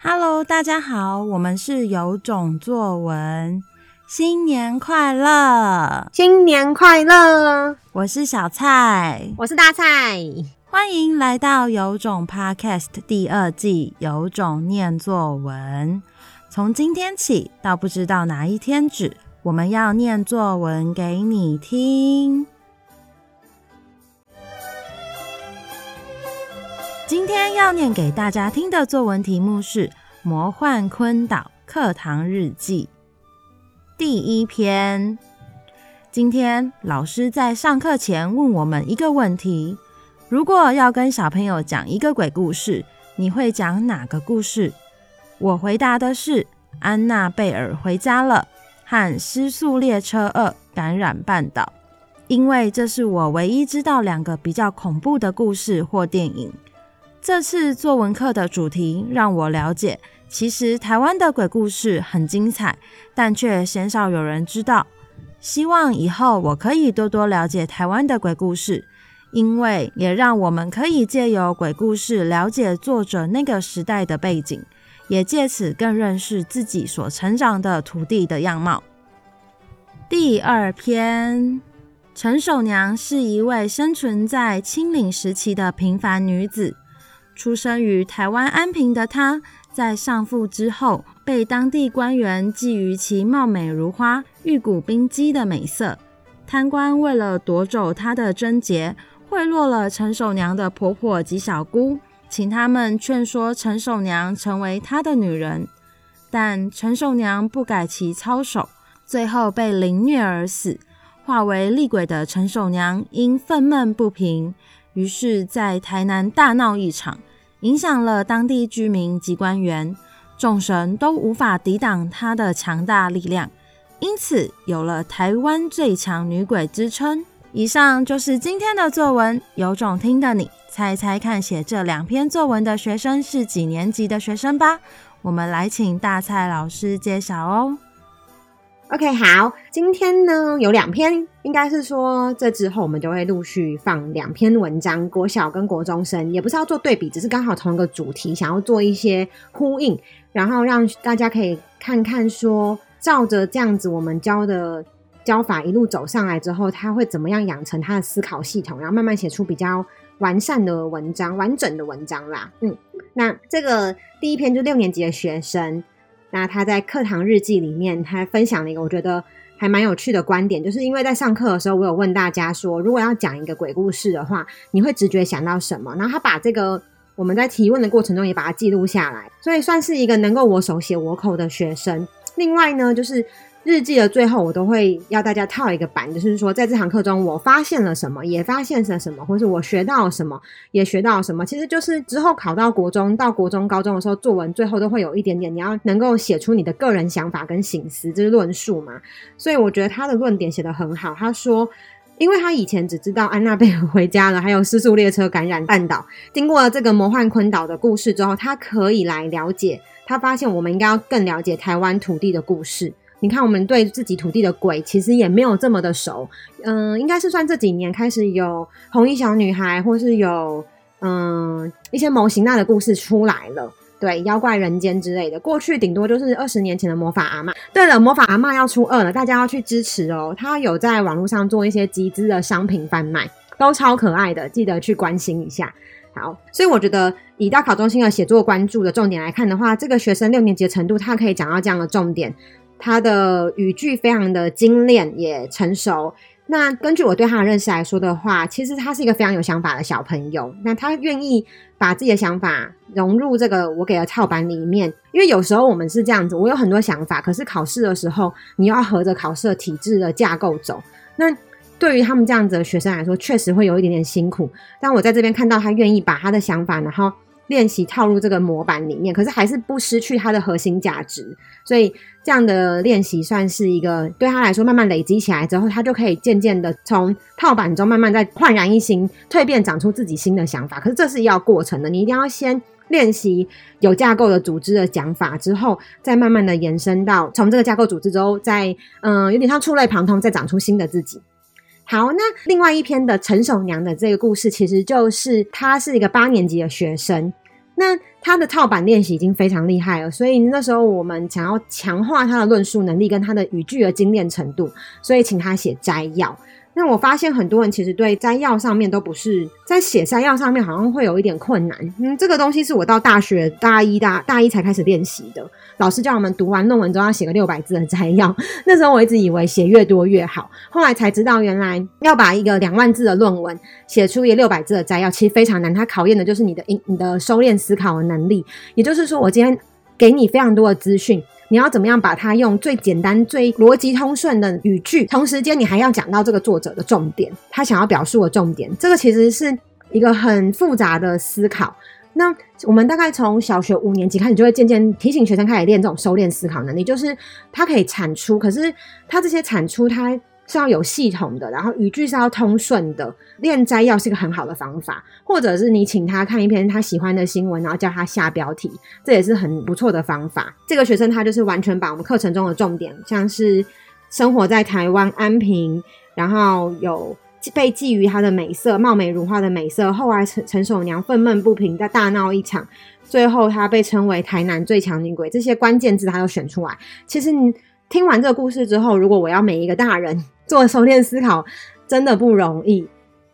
Hello，大家好，我們是有種作文，新年快樂，新年快樂。我是小蔡，我是大蔡，歡迎來到有種 Podcast 第二季，有種念作文。從今天起到不知道哪一天止，我們要念作文給你聽。今天要念給大家聽的作文題目是《魔幻鯤島課堂日記》第一篇。今天老師在上課前問我們一個問題：如果要跟小朋友講一個鬼故事，你會講哪個故事？我回答的是《安娜貝爾回家了》和《失速列車二感染半島》，因為這是我唯一知道兩個比較恐怖的故事或電影。這次作文課的主題讓我了解，其實台灣的鬼故事很精彩，但卻鮮少有人知道。希望以後我可以多多了解台灣的鬼故事，因為也讓我們可以借由鬼故事了解作者那個時代的背景，也借此更認識自己所成長的土地的樣貌。第二篇，陳守娘是一位生存在清領時期的平凡女子。出生於台灣安平的她，在喪父之後，被當地官員覬覦其貌美如花、玉骨冰肌的美色。貪官為了奪走她的貞潔，賄賂了陳守娘的婆婆及小姑，請他們勸說陳守娘成為他的女人。但陳守娘不改其操守，最後被凌虐而死。化為厲鬼的陳守娘因憤懣不平，於是在台南大鬧一場。影響了當地居民及官員，眾神都無法抵擋他的強大力量，因此有了“台灣最強女鬼”之稱。以上就是今天的作文，有種聽的你猜猜看，寫這兩篇作文的學生是幾年級的學生吧？我們來請大蔡老師揭曉哦。OK，好，今天呢有兩篇，應該是說這之後我們就會陸續放兩篇文章，國小跟國中生，也不是要做對比，只是剛好同一個主題，想要做一些呼應，然後讓大家可以看看說，照着這樣子我們教的教法一路走上來之後，他會怎麼樣養成他的思考系統，然後慢慢寫出比較完善的文章、完整的文章啦。嗯，那這個第一篇就六年級的學生。那他在課堂日記裡面，他分享了一個我覺得還蠻有趣的觀點，就是因為在上課的時候，我有問大家說，如果要講一個鬼故事的話，你會直覺想到什麼？然後他把這個我們在提問的過程中也把它記錄下來，所以算是一個能夠我手寫我口的學生。另外呢，就是。日記的最後，我都會要大家套一個板，就是說，在這堂課中，我發現了什麼，也發現了什麼，或是我學到了什麼，也學到了什麼。其實就是之後考到國中、到國中、高中的時候，作文最後都會有一點點，你要能夠寫出你的個人想法跟省思，就是論述嘛。所以我覺得他的論點寫得很好。他說，因為他以前只知道安娜貝爾回家了，還有失速列車感染半島，經過了這個魔幻鯤島的故事之後，他可以來了解，他發現我們應該要更了解台灣土地的故事。你看，我們對自己土地的鬼其實也沒有這麼的熟，嗯，應該是算這幾年開始有紅衣小女孩，或是有嗯一些魔神仔的故事出來了，對，妖怪人間之類的。過去頂多就是二十年前的魔法阿媽。對了，魔法阿媽要出二了，大家要去支持哦、喔。他有在網絡上做一些集資的商品販賣，都超可愛的，記得去關心一下。好，所以我覺得以大考中心的寫作關注的重點來看的話，這個學生六年級的程度，他可以講到這樣的重點。他的語句非常的精煉，也成熟。那根據我對他的認識來說的話，其實他是一個非常有想法的小朋友。那他願意把自己的想法融入這個我給的套板裡面，因為有時候我們是這樣子，我有很多想法，可是考試的時候你又要合着考試體制的架構走。那對於他們這樣子的學生來說，確實會有一點點辛苦。但我在這邊看到他願意把他的想法然後練習套入這個模板裡面，可是還是不失去它的核心價值，所以這樣的練習算是一個對他來說慢慢累積起來之後，他就可以漸漸的從套板中慢慢再煥然一新、蛻變、長出自己新的想法。可是這是要過程的，你一定要先練習有架構的、組織的講法之後，再慢慢的延伸到從這個架構組織之後，再嗯、呃，有點像觸類旁通，再長出新的自己。好，那另外一篇的陳守娘的這個故事，其實就是她是一個八年級的學生，那她的套版練習已經非常厲害了，所以那時候我們想要強化她的論述能力跟她的語句的精煉程度，所以請他寫摘要。那我發現很多人其實對摘要上面都不是在寫摘要上面，好像會有一點困難。嗯，這個東西是我到大學大一、大大一才開始練習的。老師叫我們讀完論文之後要寫個六百字的摘要，那時候我一直以為寫越多越好，後來才知道原來要把一個兩萬字的論文寫出一個六百字的摘要，其實非常難。它考驗的就是你的你的收斂思考的能力。也就是說，我今天給你非常多的資訊。你要怎麼樣把它用最簡單、最邏輯通順的語句，同時間你還要講到這個作者的重點，他想要表述的重點，這個其實是一個很複雜的思考。那我們大概從小學五年級開始，就會漸漸提醒學生開始練這種收斂思考能力，就是它可以產出，可是它這些產出它。是要有系統的，然後語句是要通順的。練摘要是一個很好的方法，或者是你請他看一篇他喜歡的新聞，然後叫他下標題，這也是很不錯的方法。這個學生他就是完全把我們課程中的重點，像是生活在台灣安平，然後有被覬覦他的美色，貌美如花的美色，後來陳陳守娘憤懣不平，再大鬧一場，最後他被稱為台南最強女鬼，這些關鍵字他都選出來。其實你聽完這個故事之後，如果我要每一個大人。做收斂思考真的不容易，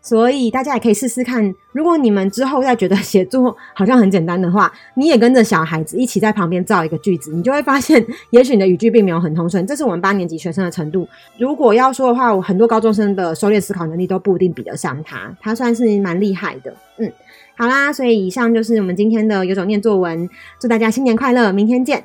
所以大家也可以試試看。如果你們之後再覺得寫作好像很簡單的話，你也跟着小孩子一起在旁邊造一個句子，你就會發現，也許你的語句並沒有很通順。這是我們八年級學生的程度。如果要說的話，我很多高中生的收斂思考能力都不一定比得上他，他算是蠻厲害的。嗯，好啦，所以以上就是我們今天的有種念作文。祝大家新年快樂，明天見。